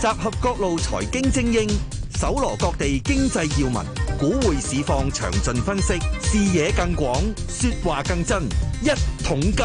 集合各路財經精英，搜羅各地經濟要聞，股匯市況詳盡分析，視野更廣，說話更真。一桶金。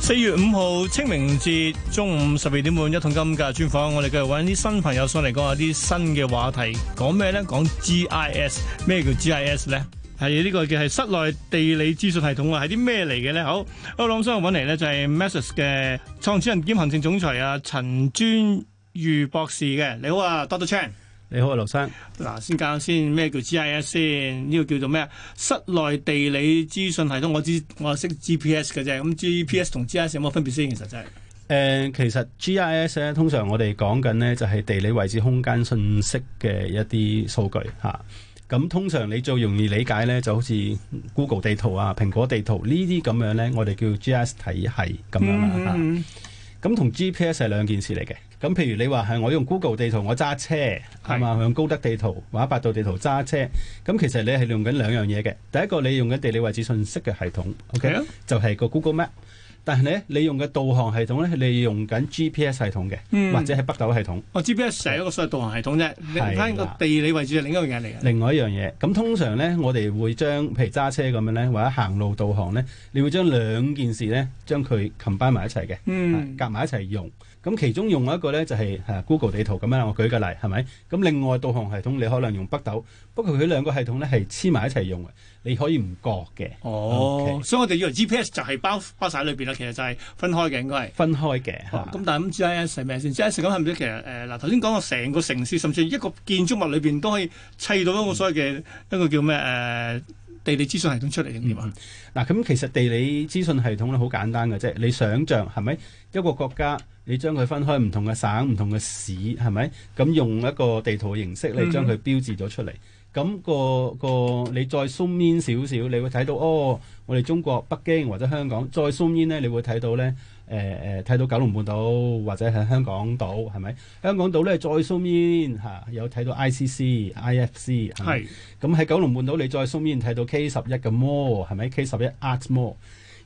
四月五號清明節中午十二點半，一桶金嘅專訪。我哋繼續揾啲新朋友上嚟講下啲新嘅話題。講咩呢？講 GIS，咩叫 GIS 呢？係呢、呢個嘅係室內地理資訊系統啊，係啲咩嚟嘅咧？好，我諗想揾嚟咧就係 m a s s 嘅創始人兼行政總裁啊，陳尊裕博士嘅。你好啊，Doctor Chan。你好啊，劉、啊、生。嗱，先講先咩叫 GIS 先？呢個叫做咩？室內地理資訊系統，我知我識 GPS 嘅啫。咁 GPS 同 GIS 有冇分別先？其實真係誒，其實 GIS 咧、啊，通常我哋講緊呢就係地理位置空間信息嘅一啲數據吓。咁通常你最容易理解咧，就好似 Google 地圖啊、蘋果地圖這這呢啲咁樣咧，我哋叫 GIS 體系咁樣啦嚇。咁、嗯、同、啊、GPS 係兩件事嚟嘅。咁譬如你話係我用 Google 地圖我揸車，係嘛？用高德地圖或者百度地圖揸車，咁其實你係用緊兩樣嘢嘅。第一個你用緊地理位置信息嘅系統，OK，yeah. 就係個 Google Map。但係咧，你用嘅導航系統咧係利用緊 GPS 系統嘅，嗯，或者係北斗系統。我 GPS 成一個所謂導航系統啫，睇個地理位置係另一樣嘢嚟嘅。另外一樣嘢咁，通常咧我哋會將譬如揸車咁樣咧，或者行路導航咧，你會將兩件事咧將佢 combine 埋一齊嘅，夾、嗯、埋一齊用。咁其中用一個咧就係，誒、Google 地圖咁樣，我舉個例係咪？咁另外導航系統你可能用北斗。不過佢兩個系統咧係黐埋一齊用嘅，你可以唔覺嘅。哦、okay，所以我哋以為 GPS 就係包包曬喺裏邊啦，其實就係分開嘅應該係。分開嘅。咁、嗯嗯、但係咁，GIS 係咩先？GIS 咁係咪其實誒嗱，頭先講到成個城市，甚至一個建築物裏邊都可以砌到一個所謂嘅一個叫咩誒、呃、地理資訊系統出嚟嘅。嗱、嗯、咁其實地理資訊系統咧好簡單嘅啫，你想象係咪一個國家？你將佢分開唔同嘅省、唔同嘅市係咪？咁用一個地圖形式咧，你將佢標誌咗出嚟。嗯咁、那個個你再 zoom in 少少，你會睇到哦。我哋中國北京或者香港，再 zoom in 咧，你會睇到咧，誒、呃、誒，睇到九龍半島或者喺香港島，係咪？香港島咧再 zoom in、啊、有睇到 ICC、IFC 是。係。咁喺九龍半島，你再 zoom in 睇到 K 十一嘅 more 係咪？K 十一 Art Mall。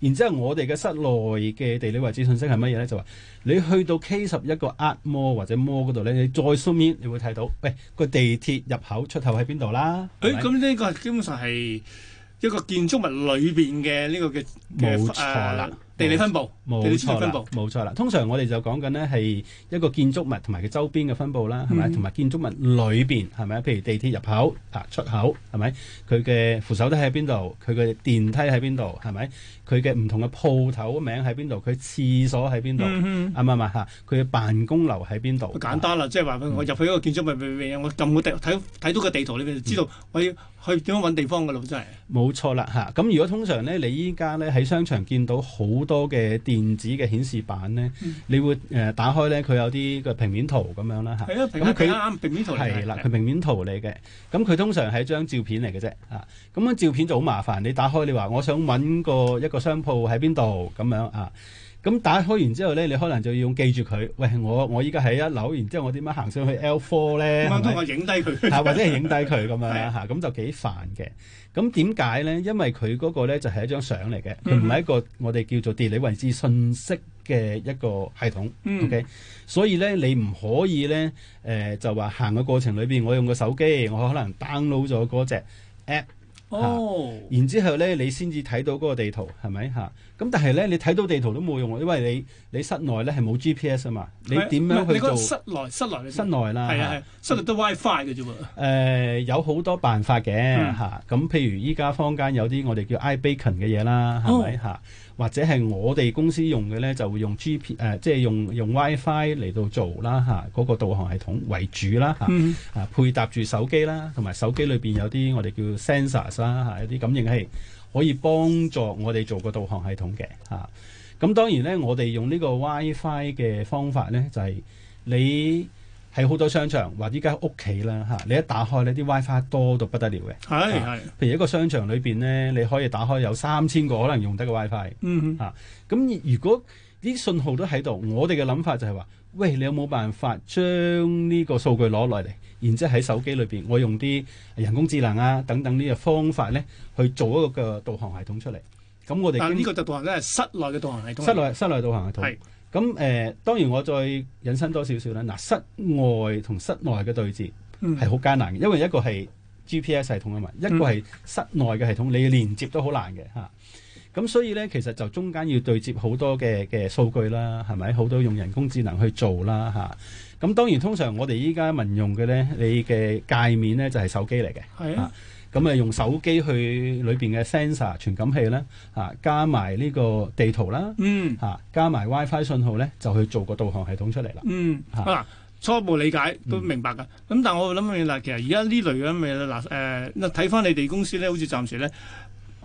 然之後，我哋嘅室內嘅地理位置信息係乜嘢咧？就話你去到 K11 個 Art Mall 或者 Mall 嗰度咧，你再 Zoom in，你會睇到，喂、哎、個地鐵入口出口喺邊度啦？誒，咁呢個基本上係一個建築物裏邊嘅呢個嘅冇錯啦。這個這個地理分佈，冇錯，冇錯啦。通常我哋就講緊咧係一個建築物同埋佢周邊嘅分佈啦，係咪？同、嗯、埋建築物裏面，係咪？譬如地鐵入口、啊、出口係咪？佢嘅扶手都喺邊度？佢嘅電梯喺邊度？係咪？佢嘅唔同嘅鋪頭名喺邊度？佢廁所喺邊度？啊啱係佢嘅辦公樓喺邊度？簡單啦、啊，即係話我入去一個建築物、嗯、我撳個睇睇到個地，地圖裏邊就知道、嗯、我要。去點樣揾地方嘅咯，真係冇錯啦嚇咁如果通常咧，你依家咧喺商場見到好多嘅電子嘅顯示板咧、嗯，你會、呃、打開咧，佢有啲嘅平面圖咁樣啦嚇佢啱啱平面圖嚟嘅。係啦、啊，佢、啊、平面圖嚟嘅。咁、嗯、佢通常係張照片嚟嘅啫啊。咁樣照片就好麻煩。你打開，你話我想揾個一個商鋪喺邊度咁樣啊。咁打開完之後咧，你可能就要記住佢。喂，我我依家喺一樓，然之後我點樣行上去 L four 咧？嗯、是是我影低佢或者影低佢咁樣嚇，咁就幾煩嘅。咁點解咧？因為佢嗰個咧就係一張相嚟嘅，佢唔係一個我哋叫做地理位置信息嘅一個系統。嗯、o、okay? K，所以咧你唔可以咧、呃、就話行嘅過程裏邊，我用個手機，我可能 download 咗嗰隻 app。哦、oh. 啊，然之後咧，你先至睇到嗰個地圖，係咪吓？咁但係咧，你睇到地圖都冇用，因為你你室內咧係冇 GPS 啊嘛，啊你點樣去做？室內，室內，室內啦。啊，啊，啊室內都 WiFi 嘅啫喎、嗯呃。有好多辦法嘅咁、嗯啊、譬如依家坊間有啲我哋叫 iBeacon 嘅嘢啦，係、oh. 咪或者係我哋公司用嘅咧，就會用 G P、呃、即係用用 WiFi 嚟到做啦嗰、啊嗰個導航系統為主啦啊、嗯、配搭住手機啦，同埋手機裏面有啲我哋叫 sensors 啦嚇，一、啊、啲感應器可以幫助我哋做個導航系統嘅咁、啊、當然咧，我哋用呢個 WiFi 嘅方法咧，就係、是、你。喺好多商場或者依家屋企啦嚇，你一打開呢啲 WiFi 多到不得了嘅。係係、啊，譬如一個商場裏邊咧，你可以打開有三千個可能用得嘅 WiFi、嗯。嗯、啊，嚇，咁如果啲信號都喺度，我哋嘅諗法就係、係、話，喂，你有冇辦法將呢個數據攞落嚟，然之後喺手機裏邊，我用啲人工智能啊等等呢個方法咧，去做一個個導航系統出嚟。咁我哋呢、啊呢個就導航咧係室內嘅導航系統。室內室內導航系統。咁誒、呃，當然我再引申多少少啦。嗱，室外同室內嘅對接係好艱難嘅，因為一個係 GPS 系統啊嘛，一個係室內嘅系統，你連接都好難嘅嚇。咁、啊、所以咧，其實就中間要對接好多嘅嘅數據啦，係咪？好多用人工智能去做啦嚇。咁、啊、當然通常我哋依家民用嘅咧，你嘅界面咧就係、係、手機嚟嘅，係啊。啊咁啊，用手機去裏邊嘅 sensor 傳感器咧，嚇加埋呢個地圖啦，嚇、嗯、加埋 WiFi 信號咧，就去做個導航系統出嚟啦。嗯，嗱、啊、初步理解、嗯、都明白噶。咁但係我諗起嗱，其實而家呢類咁嘅嗱，睇、呃、翻你哋公司咧，好似暫時咧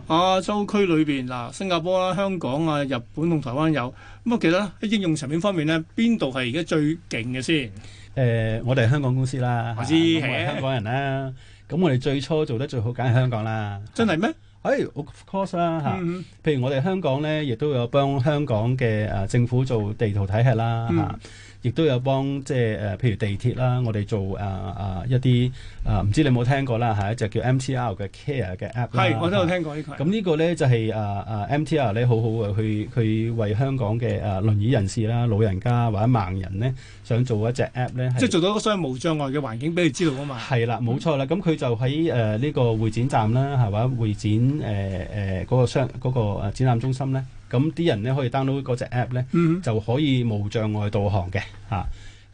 亞洲區裏邊嗱，新加坡啦、香港啊、日本同台灣有。咁啊，其實喺應用層面方面咧，邊度係而家最勁嘅先？誒、呃，我哋香港公司啦，我係、啊、香港人啦。 咁我哋最初做得最好梗係香港啦，真係咩？誒，of course 啦、嗯、嚇。譬如我哋香港咧，亦都有幫香港嘅誒、啊、政府做地圖體系啦嚇。嗯亦都有幫即係誒，譬如地鐵啦，我哋做啊啊一啲啊，唔、啊啊、知你有冇聽過啦，係一隻叫 MTR 嘅 Care 嘅 app 啦。係，我都有聽過係、呢個、係嗰呢個呢個。咁、就係啊、呢個咧就係啊啊 MTR 咧好好嘅，去去為香港嘅啊輪椅人士啦、老人家或者盲人咧，想做一隻 app 咧。即係做到一個所以無障礙嘅環境俾佢知道啊嘛。係啦，冇錯啦。咁佢就喺誒呢個會展站啦，係嘛？會展誒誒嗰個商嗰、嗰個展覽中心咧。咁啲人咧可以 download 嗰隻 app 咧，嗯，就可以無障礙導航嘅。啊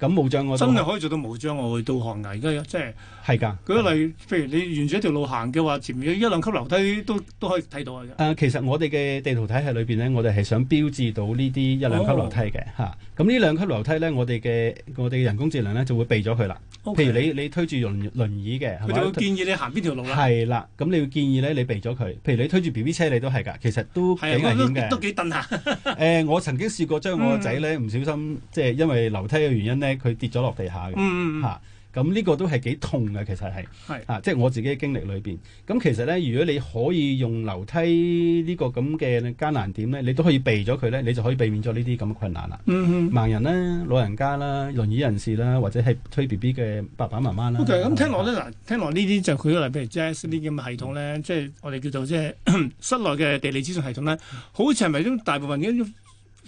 咁無障礙真係可以做到無障礙導航危，而家即係係㗎。舉個例，譬如你沿住一條路行嘅話，前面一兩級樓梯都都可以睇到嘅。誒、啊，其實我哋嘅地圖體系裏邊咧，我哋係想標誌到呢啲一兩級樓梯嘅嚇。咁、哦、呢、哦、兩級樓梯咧，我哋嘅我哋嘅人工智能咧就會避咗佢啦。譬如你你推住輪輪椅嘅，佢就會建議你行邊條路啦。係啦，咁你會建議咧，你避咗佢。譬如你推住 BB 車，你都係㗎，其實都幾危險嘅，都幾燉下。誒、 呃，我曾經試過將我個仔咧唔小心，即、就、係、是、因為樓梯嘅原因咧。佢跌咗落地下嘅，吓咁呢個都係幾痛嘅。其實係，嚇、啊、即係我自己嘅經歷裏面。咁、啊、其實咧，如果你可以用樓梯呢個咁嘅艱難點咧，你都可以避咗佢咧，你就可以避免咗呢啲咁嘅困難啦、嗯。盲人啦、啊、老人家啦、啊、輪椅人士啦、啊，或者係推 B B 嘅爸爸媽媽啦、啊。咁聽落咧，嗱，聽落呢啲就舉例，譬如 Jazz 呢啲咁嘅系統咧，即、嗯、係、就是、我哋叫做即、就、係、是、 室內嘅地理資訊系統咧，好似係咪都大部分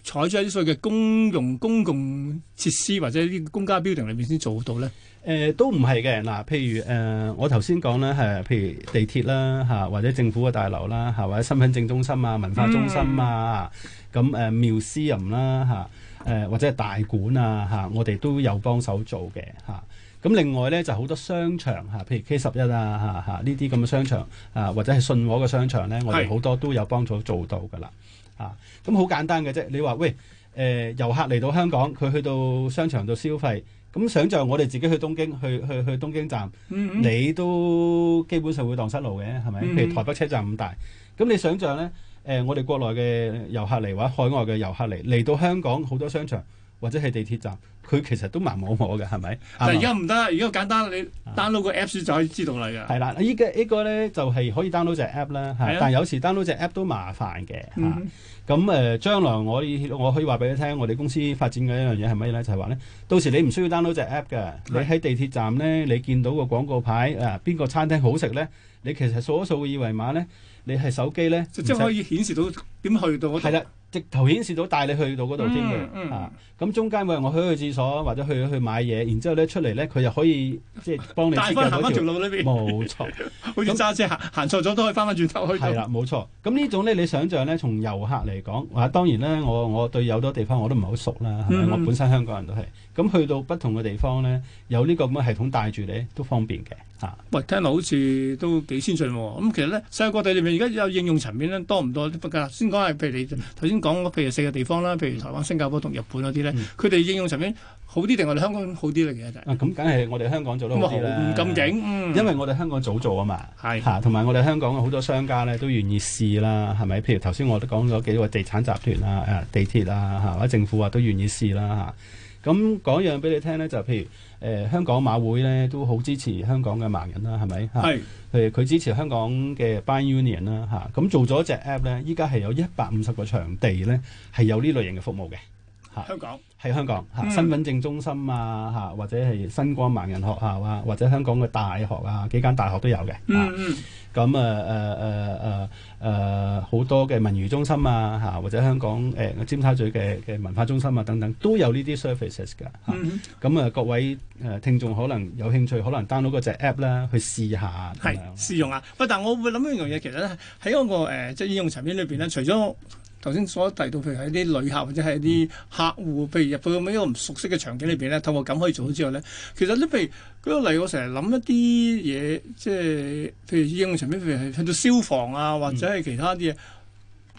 採取啲所謂嘅公用公共設施或者啲公家 building 裏面先做到咧？誒、呃，都唔係嘅。嗱，譬如誒、呃，我頭先講咧，係譬如地鐵啦，嚇或者政府嘅大樓啦，嚇或者身份證中心啊、文化中心啊，咁誒 Museum 啦，嚇、呃、誒或者係大館啊，嚇我哋都有幫手做嘅，嚇、啊。咁另外咧就好多商場嚇，譬如 K 十一啊，嚇嚇呢啲咁嘅商場啊，或者係信和嘅商場咧，我哋好多都有幫助做到噶啦。咁、啊、好簡單嘅啫。你話喂，誒、呃、遊客嚟到香港，佢去到商場度消費，咁想像我哋自己去東京，去去去東京站，Mm-hmm. 你都基本上會蕩失路嘅，係咪？Mm-hmm. 譬如台北車站咁大，咁你想像呢，誒、呃、我哋國內嘅遊客嚟或者海外嘅遊客嚟，嚟到香港好多商場或者係地鐵站。佢其實都盲摸摸嘅，係咪？但而家唔得，而家簡單你 download 個 app 就可以知道嚟嘅。係啦，依、這個這個呢個咧就係、是、可以 download 隻 app 啦。係啊，但有時 download 隻 app 都麻煩嘅嚇。咁、嗯、誒，將、啊、來我我可以話俾你聽，我哋公司發展嘅一樣嘢係乜嘢咧？就係話咧，到時你唔需要 download 隻 app 嘅。你喺地鐵站咧，你見到個廣告牌啊，邊個餐廳好食咧？你其實掃一掃個二維碼咧，你係手機咧，唔使可以顯示到點去到嗰度。直頭顯示到帶你去到嗰度先嘅，啊咁中間餵我去去廁所或者去去買嘢，然之後咧出嚟咧佢就可以即係幫、就是、你帶返。翻 行一條路呢邊。冇錯，好似揸車行行錯咗都可以翻返轉頭去。係啦，冇錯。咁呢種咧你想象咧，從遊客嚟講、啊，當當然咧，我我對有多地方我都唔係好熟啦、係咪？、嗯，我本身香港人都係。咁去到不同嘅地方咧，有呢個咁嘅系統帶住你都方便嘅、啊，喂，聽到好似都幾先進喎、啊。咁、嗯、其實咧，世界各地裏面而家有應用層面呢，多唔多？不夠。先講係譬如你頭先。嗯講譬如四個地方啦，譬如台灣、新加坡同日本嗰啲咧，佢、嗯、哋應用上面好啲定我哋香港好啲嚟嘅？咁梗係我哋香港做得好唔咁勁，因為我哋香港早做啊嘛，嚇，同、啊、埋我哋香港嘅好多商家咧都願意試啦，係咪？譬如頭先我都講咗幾個地產集團啊、誒、啊、地鐵啊嚇，或、啊、者政府啊都願意試啦嚇。啊。咁講樣俾你聽咧，就譬如誒、呃、香港馬會咧，都好支持香港嘅盲人啦，係咪？係。譬如佢支持香港嘅 Blind Union 啦、啊，嚇。咁做咗隻 app 咧，依家係有一百五十個場地咧，係有呢類型嘅服務嘅。啊、香港喺香港嚇、啊嗯，身份證中心啊嚇、啊，或者係新光盲人學校啊，或者香港嘅大學啊，幾間大學都有嘅。嗯嗯。咁啊誒誒誒誒好多嘅文娛中心啊嚇、啊，或者香港誒、啊、尖沙咀嘅嘅文化中心啊等等，都有呢啲 services 嘅。嗯咁、嗯、啊，各位誒聽眾可能有興趣，可能 download 嗰隻 app 啦，去試下。係試用啊！喂，但係我會諗一樣嘢，其實咧喺嗰個即係、呃就是、應用層面裏邊咧，除咗頭先所提到，譬如喺啲旅客或者係啲客戶，嗯、譬如入到咁樣一個唔熟悉嘅場景裏邊咧，透過咁可以做到之後咧，嗯、其實啲譬如舉、個例，我成日諗一啲嘢，即係譬如應用場面，譬如係去到消防啊，或者係其他啲嘢，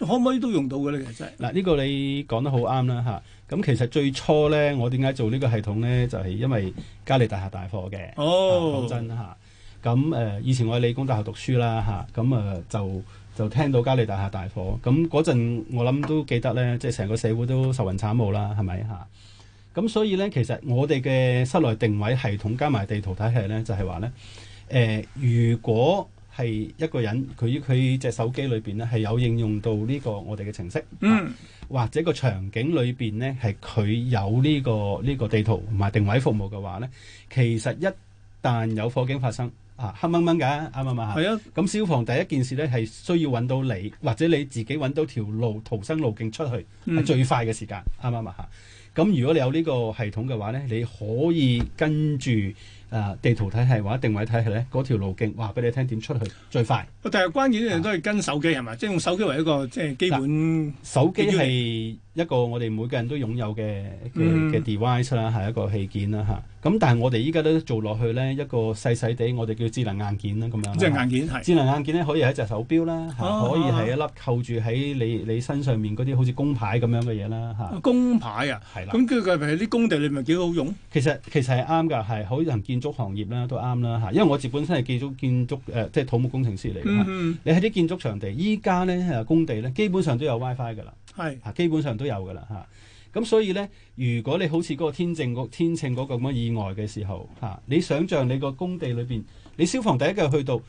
嗯、可唔可以都用到嘅咧？其實嗱，呢、呢個你講得好啱啦吓，咁、啊、其實最初咧，我點解做呢個系統咧，就係、是、因為嘉利大廈大火嘅。哦、啊，講真吓，咁、啊、誒、呃，以前我喺理工大學讀書啦吓，咁啊、呃、就。就聽到嘉利大廈大火，咁嗰陣我諗都記得呢，即係成個社會都愁雲慘霧啦，係咪嚇？咁所以呢，其實我哋嘅室內定位系統加埋地圖體系，就係、呢，就係話呢，誒，如果係一個人佢佢隻手機裏邊呢係有應用到呢個我哋嘅程式，嗯、或者個場景裏邊呢係佢有呢、呢個呢、呢個地圖同埋定位服務嘅話呢，其實一旦有火警發生。啊，黑掹掹嘅，啱唔啱啊？係啊，咁消防第一件事咧，係需要揾到你或者你自己揾到條路逃生路徑出去，係、嗯、最快嘅時間，啱唔啱啊？嚇，咁如果你有呢個系統嘅話咧，你可以跟住誒、呃、地圖體系或者定位體系咧，嗰條路徑話俾你聽點出去最快。但係關鍵一樣都係跟手機係嘛，即係、就是、用手機為一個即係、就是、基本、啊、手機係。一個我哋每個人都擁有嘅嘅嘅 device 啦，係一個器件啦嚇。咁但係我哋依家都做落去咧，一個細細地，我哋叫智能硬件啦咁樣。即係硬件，係智能硬件咧，可以係隻手錶啦、啊，可以係一粒扣住喺你你身上面嗰啲好似工牌咁樣嘅嘢啦嚇。工牌啊，係啦。咁佢係咪啲工地，你咪幾好用？其實其實係啱㗎，係好似建築行業啦都啱啦嚇。因為我自本身係建築建築誒，即係土木工程師嚟嘅、嗯。你喺啲建築場地，依家咧工地咧，基本上都有 WiFi 㗎啦。係、啊、基本上都有㗎啦嚇。咁、啊、所以呢，如果你好似嗰個天秤嗰天秤個咁嘅意外嘅時候嚇、啊，你想象你個工地裏邊，你消防第一腳去到，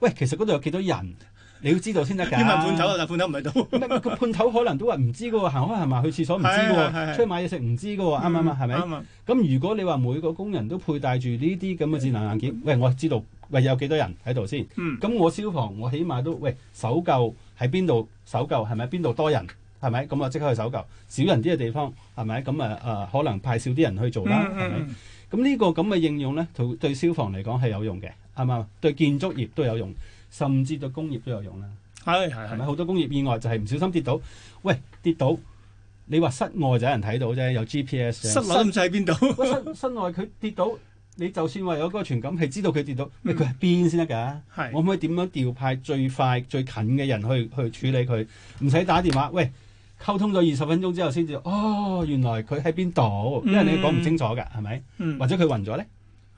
喂，其實嗰度有幾多人，你要知道先得㗎。你問判頭啊，判頭唔喺度。咩判頭， 頭可能都話唔知㗎喎，行開係咪去廁所唔知㗎喎，出去買嘢食唔知㗎喎，啱啱啊？係咪？咁如果你話每個工人都佩戴住呢啲咁嘅智能硬件、嗯，喂，我知道喂有幾多人喺度先。嗯。咁我消防我起碼都喂搜救喺邊度搜救係咪邊度多人？係咪咁啊？即刻去搜救少人啲嘅地方，係咪咁啊？啊、呃，可能派少啲人去做啦，係咪？咁、嗯、呢、嗯、個咁嘅應用咧，對消防嚟講係有用嘅，啱啱？對建築業都有用，甚至對工業都有用啦。係係咪好多工業意外就係唔小心跌到？喂，跌到！你話室外就有人睇到啫，有 GPS。室內都唔使，喺邊度？室室外佢跌到，你就算話有嗰個傳感器知道佢跌倒，佢係邊先得噶？我唔可，可以點樣調派最快最近嘅人去去處理佢？唔使打電話，喂！溝通咗二十分鐘之後才知，先至哦，原來佢喺邊度，因為你講唔清楚㗎，係、嗯、咪？或者佢暈咗呢？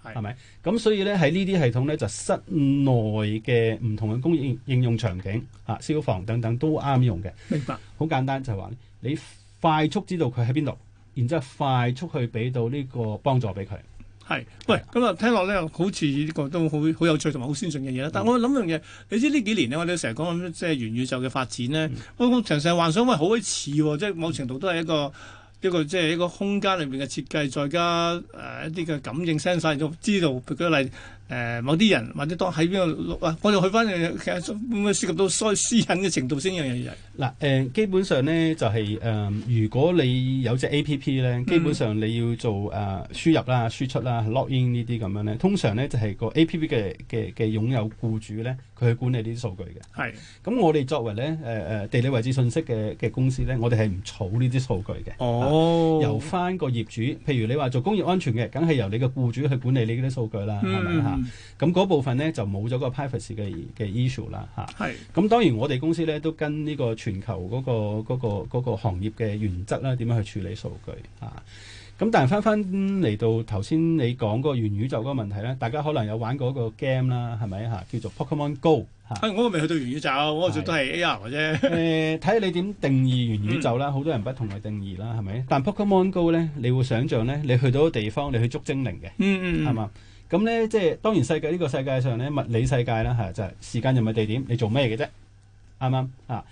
係咪？咁所以呢，喺呢啲系統呢，就室內嘅唔同嘅工業應用場景，嚇、啊、消防等等都啱用嘅。明白，好簡單就係話，你快速知道佢喺邊度，然之後快速去俾到呢個幫助俾佢。係，喂，咁啊聽落咧，好似呢個都好好有趣同埋好先進嘅嘢啦。但係我諗樣嘢，你知呢幾年咧，我哋成日講緊即係元宇宙嘅發展咧，我成日幻想喂好似喎，即係某程度都係一個一個即係一個空間裏面嘅設計，再加誒、呃、一啲嘅感應 sensor 知道，舉個例。誒、呃、某啲人或者當喺邊度錄啊，我哋去翻誒，其實會唔會涉及到衰私隱嘅程度先？嗱、呃、誒，基本上咧就係、是、誒、呃，如果你有隻 A P P 咧，基本上你要做誒、呃、輸入啦、輸出啦、login 呢啲咁樣咧，通常咧就係、是、個 A P P 嘅嘅嘅擁有僱主咧，佢去管理呢啲數據嘅。係。咁我哋作為咧誒誒地理位置信息嘅嘅公司咧，我哋係唔儲呢啲數據嘅。哦。啊、由翻個業主，譬如你話做工業安全嘅，梗係由你嘅僱主去管理你嗰啲數據啦，係咪嚇？是。咁、嗯、嗰部分咧就冇咗個 privacy 嘅嘅 issue 啦嚇。咁當然我哋公司咧都跟呢個全球嗰、嗰個嗰嗰、嗰個嗰個、行業嘅原則啦，點樣去處理數據啊，咁但係翻翻嚟到頭先你講嗰個元宇宙嗰個問題咧，大家可能有玩過嗰個 game 啦，係咪嚇？叫做 Pokemon Go 嚇。啊、哎！我未去到元宇宙，我仲都係 AR 啫。睇下、呃、你點定義元宇宙啦，好、嗯、多人不同嘅定義啦，係咪？但 Pokemon Go 咧，你會想象咧，你去到個地方你去捉精靈嘅，係、嗯、嘛、嗯嗯？咁咧，即係當然世界呢、這個世界上咧，物理世界啦嚇，就係、是、時間又唔係地點，你做咩嘅啫？啱啱啊？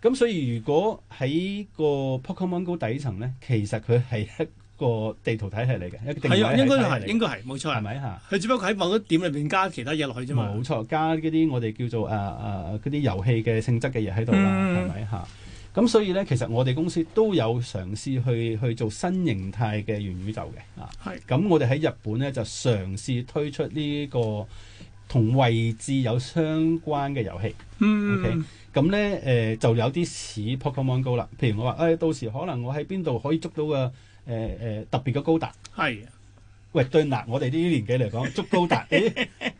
咁所以如果喺個 Pokemon Go 底層咧，其實佢係一個地圖體系嚟嘅、啊，一個定位係。係啊，應該係，應該係，冇錯，係咪嚇？佢只不過喺某一點裏面加其他嘢落去啫嘛。冇錯，加嗰啲我哋叫做誒誒嗰啲遊戲嘅性質嘅嘢喺度啦，係咪嚇？咁所以咧，其實我哋公司都有嘗試去去做新形態嘅元宇宙嘅啊。係。咁我哋喺日本咧就嘗試推出呢、呢個同位置有相關嘅遊戲。嗯。OK。咁、呃、咧就有啲似 Pokemon Go 啦。譬如我話、哎，到時可能我喺邊度可以捉到個、呃呃、特別嘅高達。係。喂，對嗱，我哋呢啲年紀嚟講，捉高達幾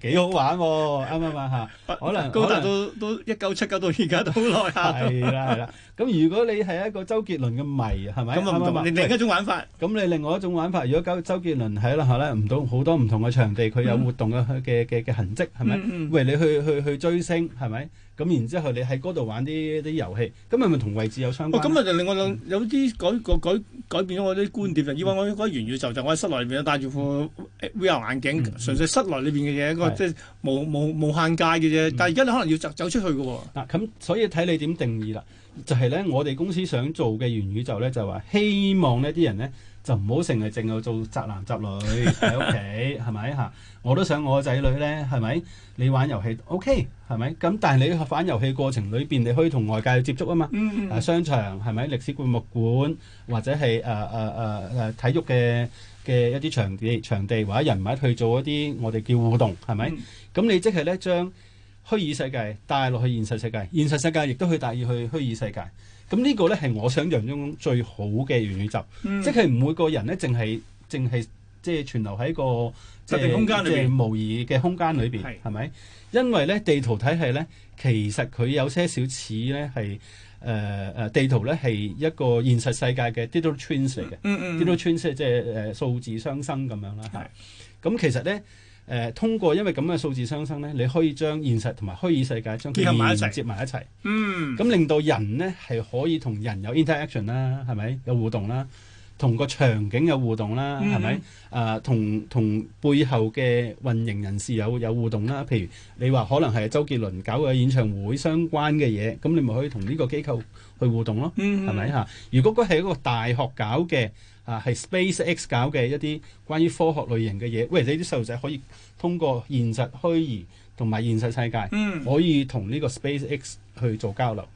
幾好玩喎、哦，啱唔啱？可能高達都都一九七九到而家都好耐下。係啦係啦，咁如果你係一個周杰倫嘅迷，係咪？咁你另一種玩法。咁你另外一種玩法，如果搞周杰倫喺啦，吓呢，唔到好多唔同嘅場地，佢有活動嘅嘅嘅嘅痕跡，係咪？嗯嗯。喂，你去去去追星，係咪？咁然之後你，你喺嗰度玩啲啲遊戲，咁係咪同位置有相關？咁、哦、啊，就令我有啲改、嗯、改改，改變咗我啲觀點啦。以、嗯、往我嗰個元宇宙就我喺室內面戴住副 VR 眼鏡、嗯，純粹室內裏邊嘅嘢，一個即係無無無限界嘅啫、嗯。但係而家你可能要走走出去㗎喎、哦。嗱、啊，咁所以睇你點定義啦。就係、是、咧，我哋公司想做嘅元宇宙咧，就話希望呢啲人咧。就唔好成日淨係做宅男宅女喺屋企，係 咪？我都想我個仔女呢，係咪？你玩遊戲 OK 係咪？咁但係你玩遊戲過程裏邊，你可以同外界接觸嘛、嗯、嗯、啊、嘛。商場係咪？歷史博物館或者係誒、誒、誒、誒體育嘅嘅一啲場地、場地或者人物去做一啲我哋叫互動，係咪？咁、嗯、你即係呢將虛擬世界帶落去現實世界，現實世界亦都可以帶去帶入去虛擬世界。咁呢個咧係我想象中最好嘅元宇宙、嗯，即係每個人咧淨係淨係即係存留喺個即係最模擬嘅空間裏邊，係咪、嗯？因為咧地圖體系咧，其實佢有些少似咧係誒誒地圖咧係一個現實世界嘅 digital twins 嚟嘅，嗯 digital twins 即係誒數字相生咁樣啦，係。咁、嗯、其實咧。誒、呃，通過因為咁嘅數字雙生咧，你可以將現實同埋虛擬世界將在結合埋一齊，接埋一齊。嗯。咁令到人咧係可以同人有 interaction 啦，係咪？有互動啦，同個場景有互動啦，係、嗯、咪？誒、呃，同同背後嘅運營人士有有互動啦。譬如你話可能係周杰倫搞嘅演唱會相關嘅嘢，咁你咪可以同呢個機構去互動咯。嗯。係咪嚇？如果嗰係一個大學搞嘅。啊，係 SpaceX 搞嘅一啲關於科學類型嘅嘢，喂，你啲細路仔可以通過現實虛擬同埋現實世界，嗯、可以同呢個 SpaceX 去做交流。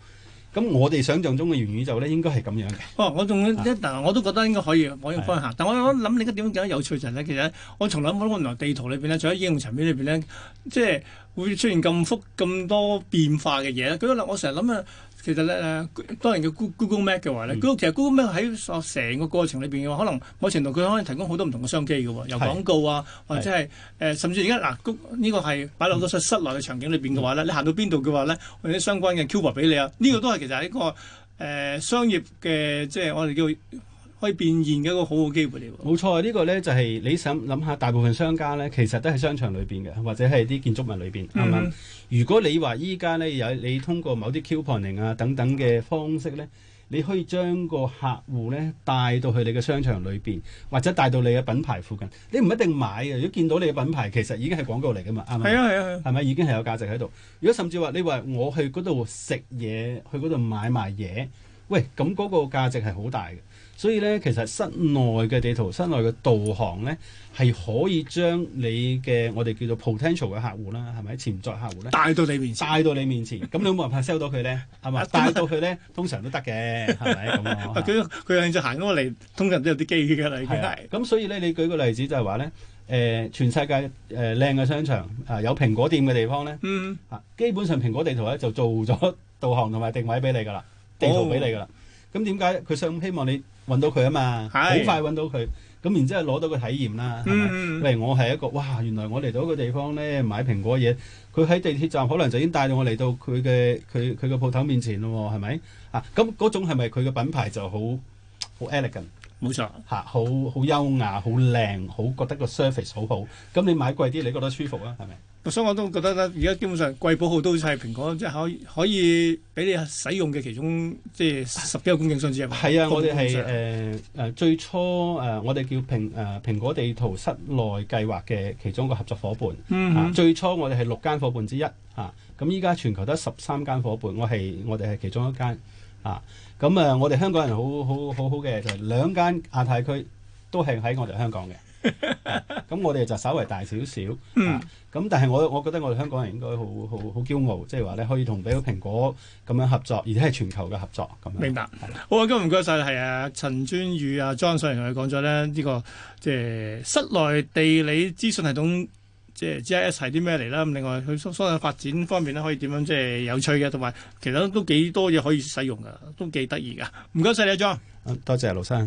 咁我哋想象中嘅元宇宙咧，應該係咁樣嘅。哦、啊，我仲一，但、啊、我都覺得應該可以，我應該可以但我我諗，你而家點樣覺得有趣就係咧，其實我從來冇諗過《原來地圖裡面》裏邊咧，喺應用層面裏邊咧，即係會出現咁複、咁多變化嘅嘢啦。佢嗰陣我成日諗啊～其實咧，當然叫 Google Map 嘅話咧、嗯，其實 Google Map 喺成個過程裏邊嘅話，可能某程度佢可以提供好多唔同嘅商機嘅喎，由廣告啊，是或者係誒、呃，甚至而家嗱，呢、這個係擺落咗室室內嘅場景裏邊嘅話咧、嗯，你行到邊度嘅話咧，或者相關嘅 cube 俾你啊，呢、這個都係其實係、這、一個誒、呃、商業嘅，即、呃、係、呃、我哋叫做。可以變現嘅一個好好機會嚟喎。冇錯，呢個呢就係你想諗下，大部分商家呢，其實都喺商場裏邊嘅，或者係啲建築物裏邊，係、嗯、嘛？如果你話依家呢，有你通過某啲 couponing 啊等等嘅方式呢，你可以將個客戶呢帶到去你嘅商場裏邊，或者帶到你嘅品牌附近。你唔一定買嘅，如果見到你嘅品牌，其實已經係廣告嚟㗎嘛，係嘛？係啊係啊，係咪、啊、已經係有價值喺度？如果甚至話你話我去嗰度食嘢，去嗰度買埋嘢，喂，咁嗰個價值係好大嘅。所以咧，其實室內嘅地圖、室內嘅導航咧，係可以將你嘅我哋叫做 potential 嘅客戶啦，係咪潛在客戶咧，帶到你面前，帶到你面前。咁 你有冇人拍 sell 到佢咧？係嘛， 帶到佢咧，通常都得嘅，係咪咁？佢佢係行過嚟，通常都有啲機遇㗎啦，咁、啊、所以咧，你舉個例子就係話咧，誒全世界誒靚嘅商場啊，有蘋果店嘅地方咧，嗯，基本上蘋果地圖咧就做咗導航同埋定位俾你㗎啦，地圖俾你㗎啦。哦。咁點解佢想希望你揾到佢啊嘛？好快揾到佢，咁然之後攞到個體驗啦、嗯。例如我係一個哇，原來我嚟到一個地方咧買蘋果嘢，佢喺地鐵站可能就已經帶到我嚟到佢嘅佢佢嘅鋪頭面前咯喎，係咪？啊，咁嗰種係咪佢嘅品牌就好好 elegant？冇錯，嚇，好好優雅，好靚，好覺得個 service 好好。咁你買貴啲，你覺得舒服啊？係咪？所以我都覺得咧，而家基本上貴寶號都係蘋果即係、就是、可以可以俾你使用嘅其中即係、就是、十幾個供應商之一。係啊，我哋係誒誒最初誒、呃、我哋叫蘋誒蘋果地圖室內計劃嘅其中一個合作伙伴。嗯嗯啊、最初我哋係六間伙伴之一啊。咁依家全球得十三間伙伴，我係我哋係其中一間啊。咁啊，我哋香港人很很很好好好好嘅，就係、兩間亞太區都係喺我哋香港嘅。咁、 啊、我哋就稍微大少少，咁、嗯啊、但係我我覺得我哋香港人應該好好好驕傲，即係話咧可以同比如蘋果咁樣合作，而且係全球嘅合作咁。明白，嗯、好今日啊，咁唔該晒，係啊陳尊宇啊莊上同佢講咗呢呢個即係、呃、室內地理資訊系統，即、呃、係 GIS 係啲咩嚟啦。咁另外佢所相應發展方面咧可以點樣即係、呃、有趣嘅，同埋其實都幾多嘢可以使用噶，都幾得意噶。唔該晒你啊莊，多謝盧生。